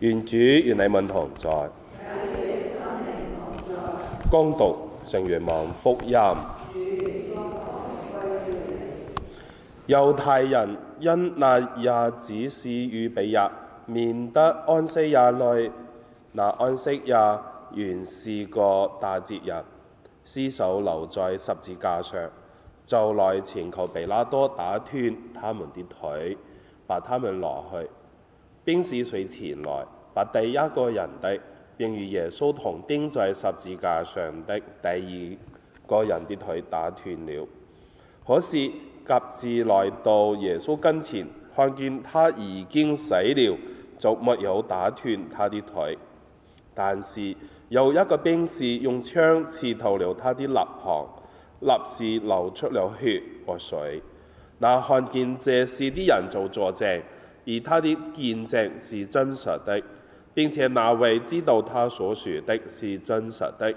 願主與你們同在，恭讀聖若望福音。猶太人因那日子是預備日，免得安息日內那安息日原是個大節日，屍首留在十字架上，就來前求比拉多打斷他們的腿，把他們落去。兵士遂前來，把第一個人的並與耶穌同釘在十字架上的第二個人的腿打斷了。可是，及至來到耶穌跟前，看見他已經死了，就沒有打斷他的腿。但是，有一個兵士用槍刺透了他的肋旁，立時流出了血和水。那看見這事的人就作證。而他的見證是真實的，並且那位知道他所説的是真實的，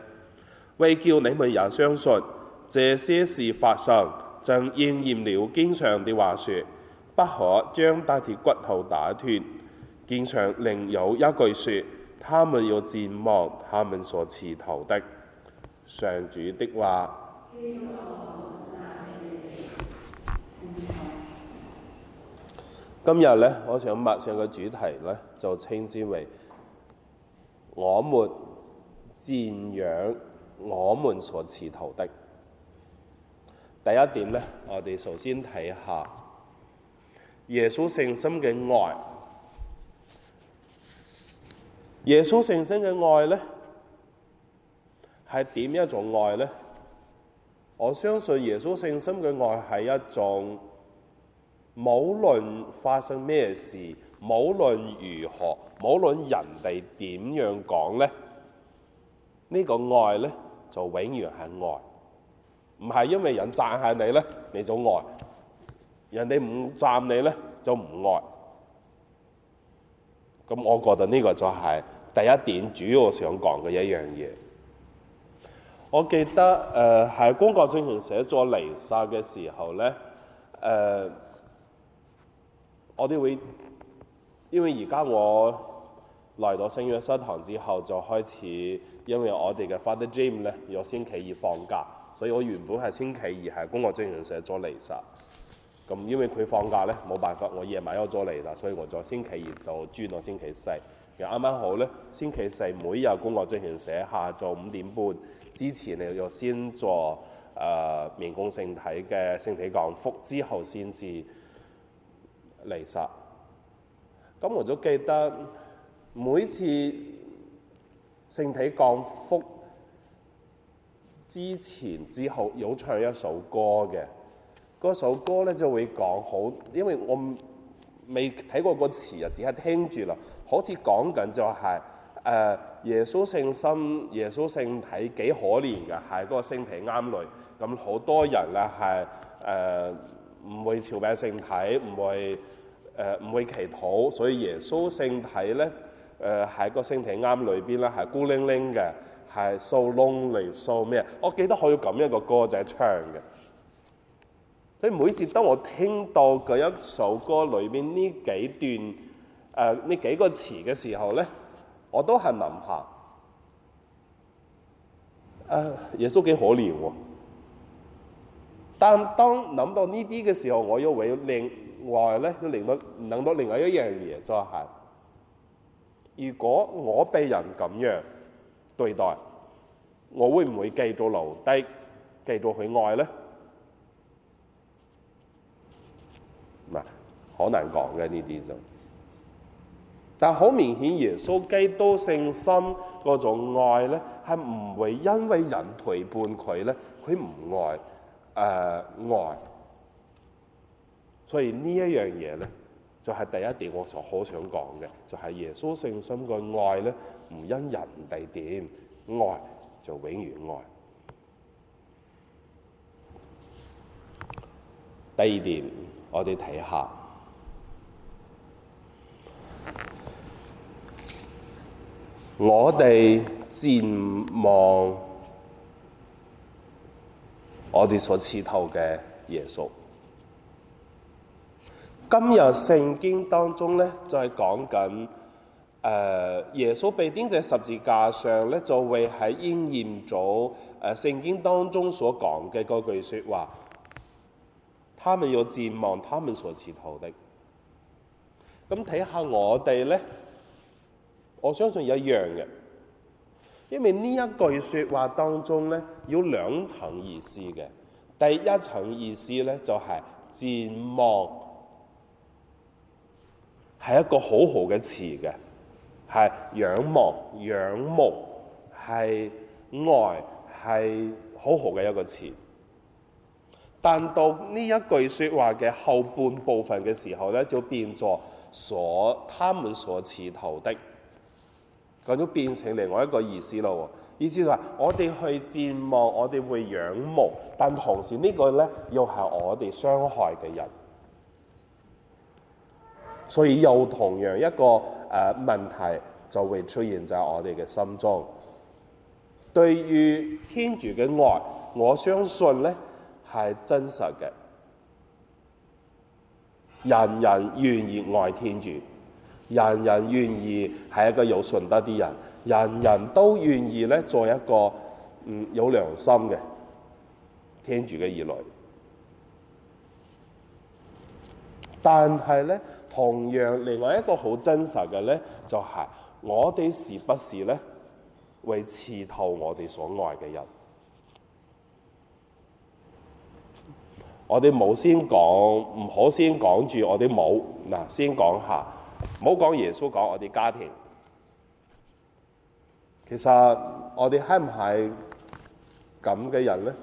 為叫你們也相信這些事發生，正應驗了經上的話説：不可將大腿骨頭打斷。經上另有一句説：他們要瞻望他們所刺透的。上主的話。今日咧，我想默寫嘅主題咧，就稱之為我們瞻望我們所刺透的。第一點咧，我哋首先睇下耶穌聖心嘅愛。耶穌聖心嘅愛咧，係點一種愛咧？我相信耶穌聖心嘅愛係一種。無論發生咩事，無論如何，無論人哋點樣講呢，呢、呢個愛呢，就永遠係愛，唔係因為人讚下你呢，你就愛，人哋唔讚你呢，就唔愛。咁我覺得呢個就係第一點主要想講嘅一樣嘢。我記得誒，係、呃、郭國正賢寫作彌撒嘅時候呢。誒、呃。我哋會，因為而家我嚟到聖約瑟堂之後，就開始，因為我哋嘅 Father Jim 咧，有星期二放假，所以我原本係星期二係公教進行社做彌撒，咁因為佢放假咧，冇辦法，我夜晚又做彌撒，所以我就星期二就轉到星期四。又啱啱好咧，星期四每日公教進行社下晝五點半之前你又先做誒明供聖體嘅聖體降福之後先至。嚟實，咁我就記得每次聖體降福之前之後有唱一首歌嘅，嗰首歌咧就會講好，因為我未睇過個詞啊，只係聽住啦，好似講緊就係、是呃、耶穌聖心，耶穌聖體幾可憐嘅，係、嗰個聖體啱來，咁好多人啊係唔會朝拜聖體，唔會誒唔、呃、會祈禱，所以耶穌聖體咧誒係個聖體龕裏邊啦，係孤零零嘅，係 so lonely so 咩？我記得可以咁樣一個歌仔唱嘅。所以每次當我聽到佢一首歌裏邊呢幾段誒呢、呃、幾個詞嘅時候咧，我都係諗下誒耶穌幾可憐喎、啊。但當諗到呢啲嘅時候，我又會另外咧，令到諗到另外一樣嘢、就係，就係如果我被人咁樣對待，我會唔會繼續留低、繼續去愛咧？嗱，好難講嘅呢啲就，但好明顯，耶穌基督聖心嗰種愛咧，係唔會因為人陪伴佢咧，佢唔愛。誒、uh, 愛，所以呢一樣嘢咧，就係、是、第一點，我就好想講嘅，就係、是、耶穌聖心嘅愛咧，唔因人哋點愛，就永遠愛。第二點，我哋睇下，我哋瞻望。我哋所刺透嘅耶穌，今日聖經當中咧，就係講緊誒耶穌被釘在十字架上咧，就會喺應驗咗誒聖經當中所講嘅嗰句説話，他們要瞻望，他們所刺透的。咁睇下我哋咧，我相信一樣嘅。因為呢一句説話當中呢，有兩層意思嘅。第一層意思呢，就係、是、瞻望係一個好好嘅詞嘅，係仰望、仰慕，係愛，係好好嘅一個詞。但到呢一句説話嘅後半部分嘅時候呢，就變作所他們所刺透的。咁都變成另外一個意思咯，意思就係我哋去瞻望，我哋會仰慕，但同時這個呢個咧又係我哋傷害嘅人，所以又同樣一個誒問題就會出現在我哋嘅心中。對於天主嘅愛，我相信咧係真實嘅，人人願意愛天主。人人願意係一個有信德啲人，人人都願意咧做一個嗯有良心嘅聽住嘅兒女。但係咧，同樣另外一個好真實嘅咧，就係、是、我哋時不時咧，會刺透我哋所愛嘅人。我哋冇先講，唔好先講住，我哋冇嗱，先講下。唔好講耶穌，講我哋家庭，其實我哋係唔係咁嘅人咧？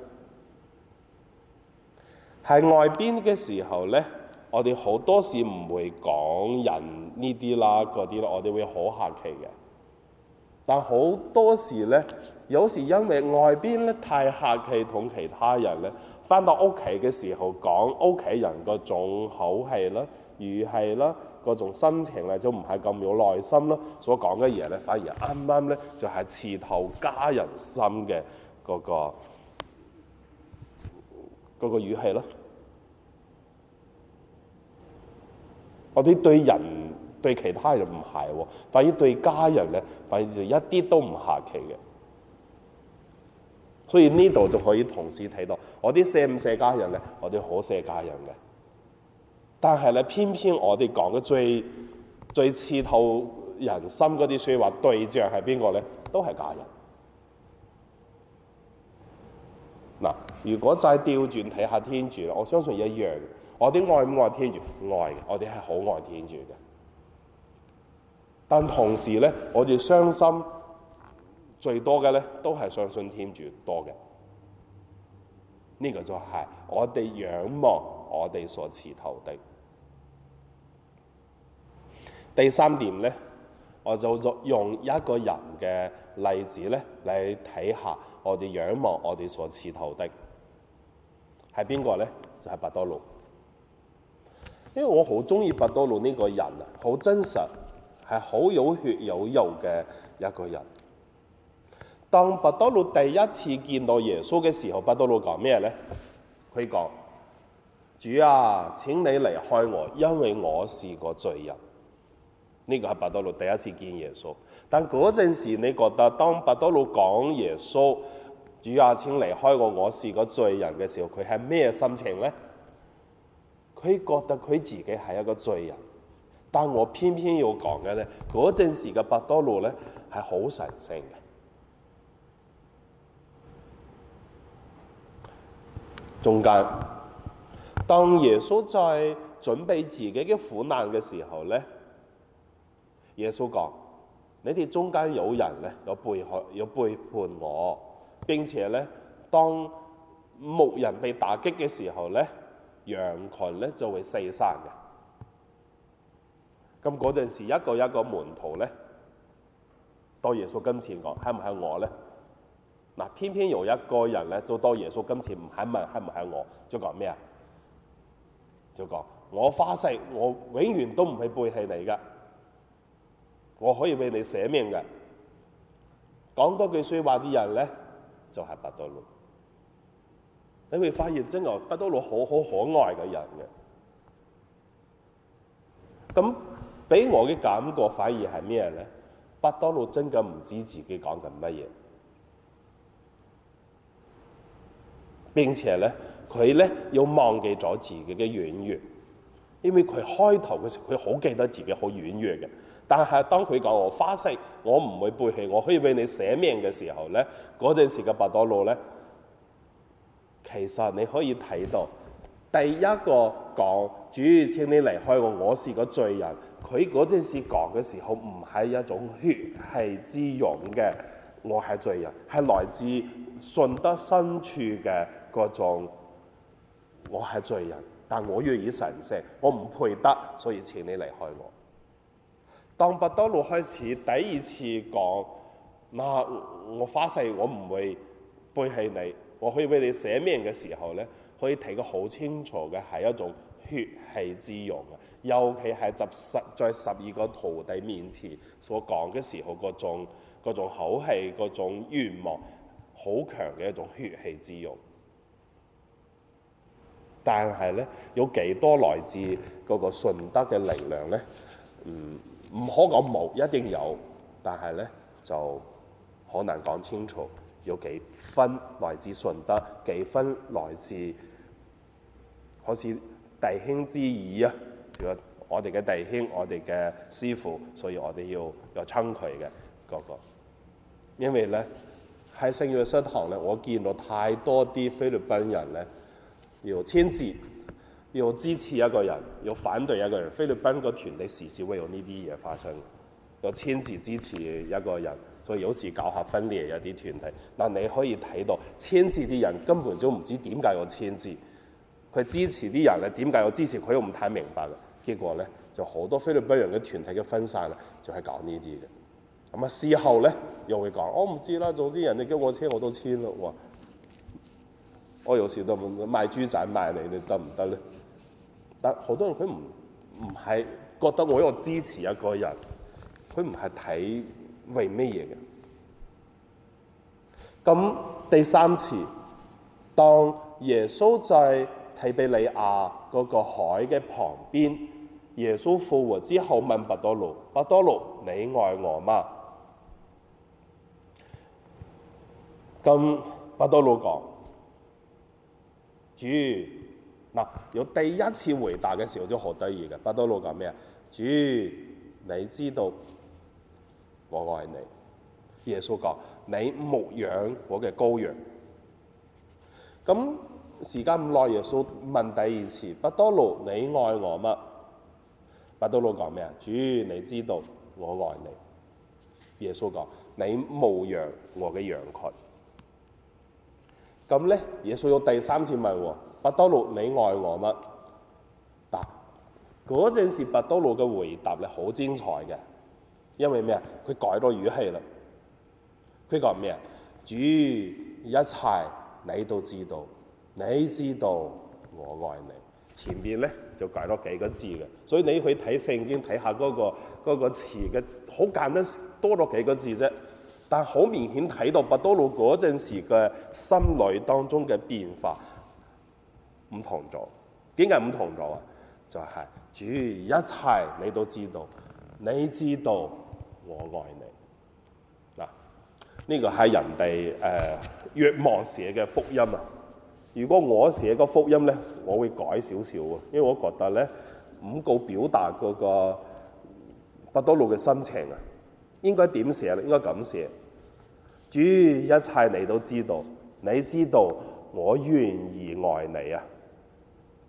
喺外邊嘅時候咧，我哋好多時唔會講人呢啲啦、嗰啲啦，我哋會好客氣嘅。但好多時咧，有時因為外邊咧太客氣，同其他人咧，翻到屋企嘅時候講屋企人嗰種口氣啦，語氣啦嗰種心情咧就唔係咁有耐心啦，所講嘅嘢咧反而啱啱咧就係、是、刺透家人心嘅嗰、那個嗰、那個語氣咯。我哋對人。對其他人唔係喎，反而對家人咧，反而就一啲都唔客氣嘅。所以呢度就可以同時睇到，我啲捨唔捨家人咧，我哋好捨家人嘅。但係咧，偏偏我哋講嘅最最刺透人心嗰啲説話對象係邊個咧？都係家人。嗱，如果再調轉睇下天主，我相信一樣。我啲愛唔愛天主？愛嘅，我哋係好愛天主嘅。但同時咧，我哋傷心最多嘅咧，都係相信天主多嘅。呢、這個就係我哋仰望我哋所刺透的。第三點咧，我就用一個人嘅例子咧嚟睇下我哋仰望我哋所刺透的係邊個咧？就係、是、伯多祿。因為我好中意伯多祿呢個人啊，好真實。係好有血有肉嘅一個人。當伯多祿第一次見到耶穌嘅時候，伯多祿講咩呢？佢講：主啊，請你離開我，因為我是個罪人。呢、這個係伯多祿第一次見耶穌。但嗰陣時，你覺得當伯多祿講耶穌：主啊，請離開我，我是個罪人嘅時候，佢係咩心情呢？佢覺得佢自己係一個罪人。但我偏偏要講嘅咧，嗰陣時嘅伯多祿咧係好神聖嘅。中間，當耶穌在準備自己嘅苦難嘅時候咧，耶穌講：你哋中間有人咧有背叛，有背叛我。並且咧，當牧人被打擊嘅時候咧，羊群咧就會四散嘅。咁嗰陣時，一個一個門徒咧，對耶穌跟前講：係唔係我咧？嗱，偏偏有一個人咧，就對耶穌跟前唔肯問係唔係我，就講咩啊？就講我發誓，我永遠都唔會背棄你噶，我可以為你捨命嘅。講句說話啲人咧，就係伯多祿。你會發現真係伯多祿好好可愛嘅人嘅。咁。俾我嘅感覺反而係咩咧？伯多祿真嘅唔知自己講緊乜嘢，並且咧佢咧又忘記咗自己嘅軟弱，因為佢開頭嘅時佢好記得自己好軟弱嘅，但係當佢講，我發誓，我唔會背棄，我可以為你捨命嘅時候咧，嗰陣時嘅伯多祿咧，其實你可以睇到。第一個講主要請你離開我，我是個罪人。佢嗰陣時講嘅時候，唔係一種血氣之勇嘅，我係罪人，係來自信德深處嘅嗰種，我係罪人，但我願意神聖，我唔配得，所以請你離開我。當伯多祿開始第二次講，嗱，我發誓我唔會背棄你，我可以為你捨命嘅時候咧，可以睇得好清楚嘅係一種血氣之勇嘅，尤其係集實在十二個徒弟面前所講嘅時候，嗰種嗰種口氣、嗰種願望，好強嘅一種血氣之勇。但係咧，有幾多來自嗰個信德嘅力量咧？嗯，唔可講冇，一定有，但係咧就好難講清楚，有幾分來自信德，幾分來自。好似弟兄之義啊！我我哋嘅弟兄，我哋嘅師傅，所以我哋要有撐佢嘅嗰個。因為咧喺聖約瑟堂咧，我見到太多啲菲律賓人咧要簽字，要支持一個人，要反對一個人。菲律賓個團體時時會有呢啲嘢發生，要簽字支持一個人，所以有時搞下分裂有啲團體。嗱，你可以睇到簽字啲人根本就唔知點解要簽字。佢支持啲人咧，點解我支持佢？又唔太明白啦。結果咧，就好多菲律賓人嘅團體嘅分散啦，就係講呢啲嘅。咁啊，事後咧又會講，我唔知啦。總之人哋叫我簽，我都簽咯。我有時都問賣豬仔賣你，你得唔得咧？但好多人佢唔唔係覺得我一個支持一個人，佢唔係睇為咩嘢嘅。咁第三次，當耶穌在、就是。提比利亞嗰個海嘅旁邊，耶穌復活之後問伯多祿，伯多祿，你愛我嗎？咁伯多祿講：主，嗱，有第一次回答嘅時候就好得意嘅。伯多祿講咩啊？主，你知道我愛你。耶穌講：你牧養我嘅羔羊。咁時間唔耐，耶穌問第二次：伯多祿，你愛我乜？伯多祿講咩啊？主，你知道我愛你。耶穌講：你牧養我嘅羊群。咁咧，耶穌有第三次問喎、哦：伯多祿，你愛我乜？答：嗰陣時，伯多祿嘅回答咧好精彩嘅，因為咩啊？佢改咗語氣啦。佢講咩啊？主，一切你都知道。你知道我愛你，前面咧就改咗幾個字嘅，所以你去睇聖經睇下嗰個嗰、嗰個詞嘅，好簡單多咗幾個字啫，但好明顯睇到伯多祿嗰陣時嘅心裏當中嘅變化唔同咗，點解唔同咗啊？就係、是、主一切你都知道，你知道我愛你嗱，呢、呢個係人哋誒，若望寫嘅福音啊。如果我寫個福音咧，我會改少少啊，因為我覺得咧唔夠表達嗰、那個伯多祿嘅心情啊，應該點寫咧？應該咁寫：主一切你都知道，你知道我願意愛你啊！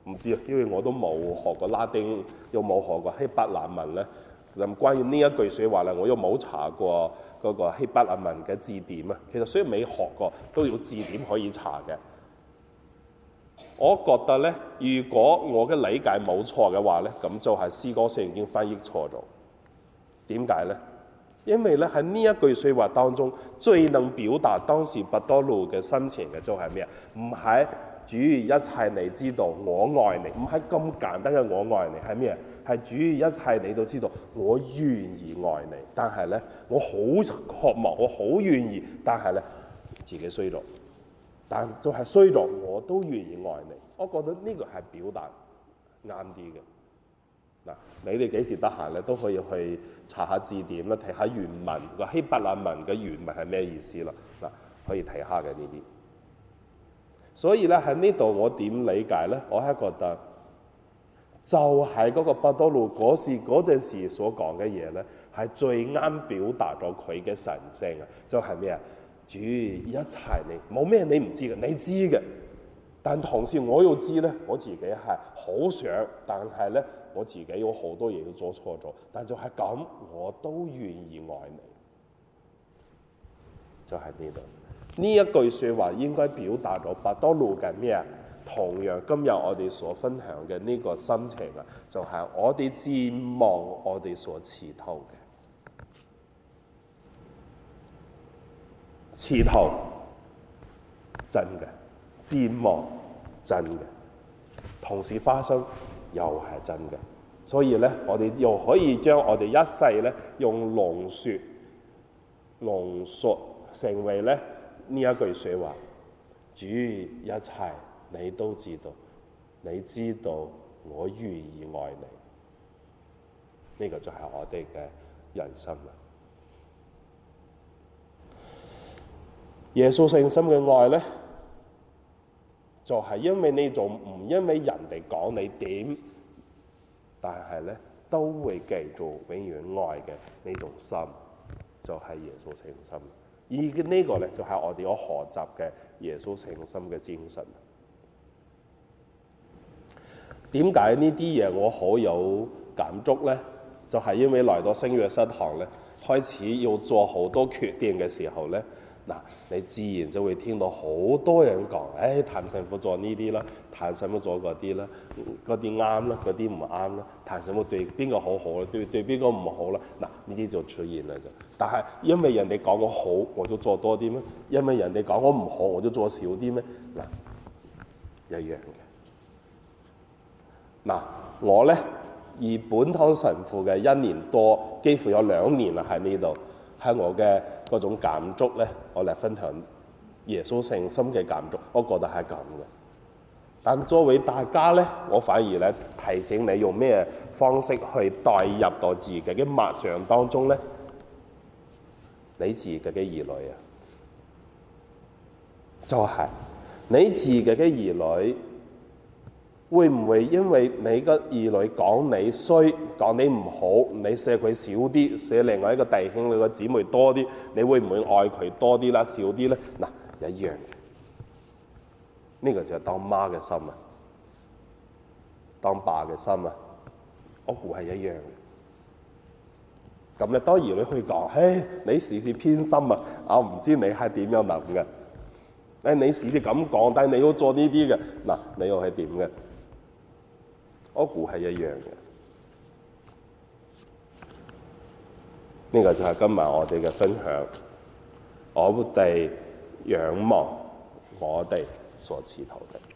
唔知啊，因為我都冇學過拉丁，又冇學過希伯來文咧。咁關於呢一句説話咧，我又冇查過嗰個希伯來文嘅字典啊。其實雖然未學過，都有字典可以查嘅。我覺得咧，如果我嘅理解冇錯嘅話咧，咁就係思高聖經已經翻譯錯咗，點解咧？因為咧喺呢在這一句説話當中，最能表達當時伯多祿嘅心情嘅就係咩啊？唔係主意一切，你知道我愛你；唔係咁簡單嘅我愛你，係咩啊？係主意一切，你都知道我願意愛你，但係咧，我好渴望，我好願意，但係咧，自己衰咗。但就係衰咗，我都願意愛你。我覺得呢個係表達啱啲嘅。嗱，你哋幾時得閒咧，都可以去查下字典啦，睇下原文個希伯來文嘅原文係咩意思啦。嗱，可以睇下嘅呢啲。所以咧喺呢度我點理解咧？我係覺得就係嗰個伯多祿嗰時嗰時所講嘅嘢咧，係最啱表達咗佢嘅神聖啊！就係咩啊？主，一切你冇咩你唔知嘅，你知嘅。但同時我又知咧，我自己係好想，但係咧我自己有好多嘢做錯咗。但就係咁，我都願意愛你。就係呢度呢一句說話應該表達到，伯多祿嘅咩啊？同樣今日我哋所分享嘅呢個心情啊，就係、是、我哋瞻望我哋所刺透嘅。前頭真嘅，展望真嘅，同時發生又係真嘅，所以咧，我哋又可以將我哋一世咧用濃縮、濃縮成為咧呢一句說話：主一切你都知道，你知道我願意愛你，呢、這個就係我哋嘅人生啦。耶穌聖心嘅愛咧，就係因為呢種唔因為人哋講你點，但係咧都會繼續永遠愛嘅呢種心，就係耶穌聖心。而呢個咧就係我哋要學習嘅耶穌聖心嘅精神。點解呢啲嘢我好有感觸咧？就係因為來到聖約瑟堂咧，開始要做好多決定嘅時候咧。嗱，你自然就會聽到好多人講，誒、哎，譚神父做呢啲啦，譚神父做嗰啲啦，嗰啲啱啦，嗰啲唔啱啦，譚神父對邊個好好啦，對對邊個唔好啦，嗱，呢啲就出現啦就。但係因為人哋講我好，我就做多啲咩？因為人哋講我唔好，我就做少啲咩？嗱，一樣嘅。嗱，我咧，以本堂神父嘅一年多，幾乎有兩年啦喺呢度。喺我嘅嗰種感觸咧，我嚟分享耶穌聖心嘅感觸。我覺得係咁嘅，但作為大家咧，我反而咧提醒你用咩方式去代入到自己嘅默想當中咧？你自己嘅兒女啊，就係、是、你自己嘅兒女。會唔會因為你個兒女講你衰，講你唔好，你錫佢少啲，錫另外一個弟兄佢個姊妹多啲，你會唔會愛佢多啲啦，少啲咧？嗱，一樣嘅，呢個就係當媽嘅心啊，當爸嘅心啊，我估係一樣嘅。咁你當兒女去講，唉，你時時偏心啊！我唔知你係點樣諗嘅。誒，你時時咁講，但係你要做呢啲嘅，嗱，你又係點嘅？嗰股係一樣嘅，呢、這個就係今日我哋嘅分享。我哋仰望我哋所刺透嘅。